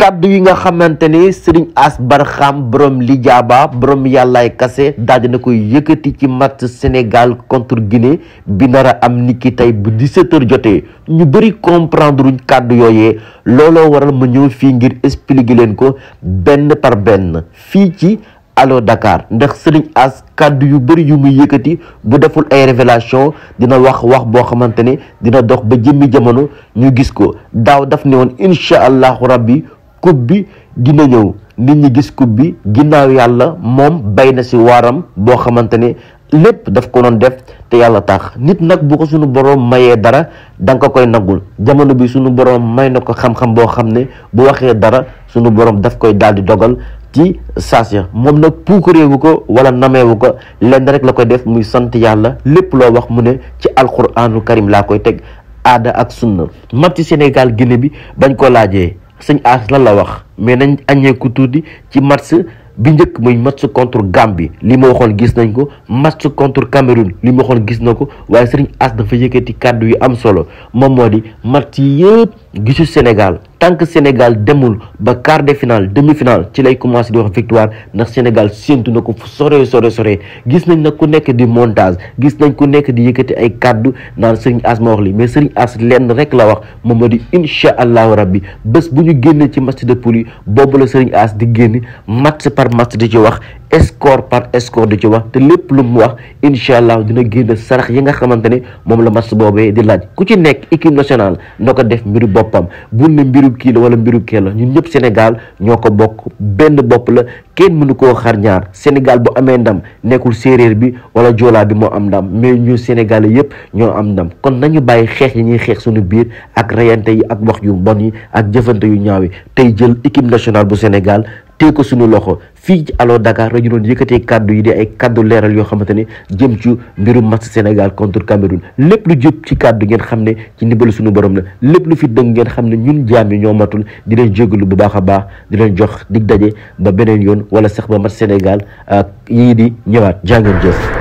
kàddu yi nga xamante ni sëriñ As Barxam borom li lijaaba borom yàllaay kase daal na koy yëkkati ci matt Sénégal contre Guinée bi nar a am niki tey bu 17h jotee ñu bëri comprendre uñ kàddu yooyee looloo waral ma ñëw fii ngir expliquer leen ko benn par benn fii ci Allo Dakar ndax sëriñ As kàddu yu bëri yu muy yëkkati bu deful ay révélation dina wax wax boo xamante ne dina dox ba jëmmi jamono ñu gis ko daaw daf ne woon incha allahu rabbi coupe bi dina ñëw nit ñi gis kub bi ginnaaw yàlla moom bay na si waaram boo xamante ne lépp daf ko doon def te yàlla tax nit nag bu ko suñu boroom mayee dara da nga ko koy nagul jamono bi suñu boroom may na ko xam-xam boo xam ne bu waxee dara suñu boroom daf koy daal di dogal ci saas ya moom nag puukareewu ko walla nameewu ko lenn rek la koy def muy sant yàlla lépp loo wax mu ne ci alquraanul karim laa koy teg aada ak sunna matti Sénégal Guinée bi bañ ko laajee sëñ As lan la wax mais nañ aññeeku tuuti ci match bi njëkk muy match contre Gambie li ma waxoon gis nañ ko match contre Cameroun li ma waxoon gis na ko waaye sëriñ As dafa ti kàddu yu am solo moom moo di match yëpp. gisu Sénégal tant que Sénégal demul ba quart de finale demi finale ci lay commencé di wax victoire ndax Sénégal séntu na ko fu sore sore sore gis nañ nag ku nekk di montage gis nañ ku nekk di yëkkati ay kàddu naan Serigne As ma wax li mais Serigne As lenn rek la wax moom la di incha allahu rabbi bés bu ñu génnee ci match de poule yi boobu la Serigne As di génn match par match di ci wax score par score di ci wax te lépp lu mu wax incha allah dina génn sarax yi nga xamante ne moom la match boobee di laaj ku ci nekk équipe national na ko def mbiru boppam bu ne mbiru kii la wala mbiru kee la ñun ñëpp Sénégal ñoo ko bokk benn bopp la kenn mënu koo xarñaar ñaar Sénégal bu amee ndam nekkul séeréer bi wala joolaa bi moo am ndam mais ñu Sénégal yëpp ñoo am ndam kon nañu bàyyi xeex yi ñuy xeex suñu biir ak reyante yi ak wax yu bon yi ak jëfante yu ñaaw yi tey jël équipe nationale bu Sénégal téye ko suñu loxo fii alors Dakar la ñu doon yëkkatee kàddu yi di ay kàddu leeral yoo xamante ne jëm ci mbirum match Sénégal contre Cameroun lépp lu jëpp ci kàddu ngeen xam ne ci ndimbalu suñu borom na lépp lu fi dëng ngeen xam ne ñun jaam yi ñoomatul di leen jégalu bu baax a baax di leen jox dig daje ba beneen yoon wala sax ba mat Sénégal yii di ñëwaat jàngeen jëf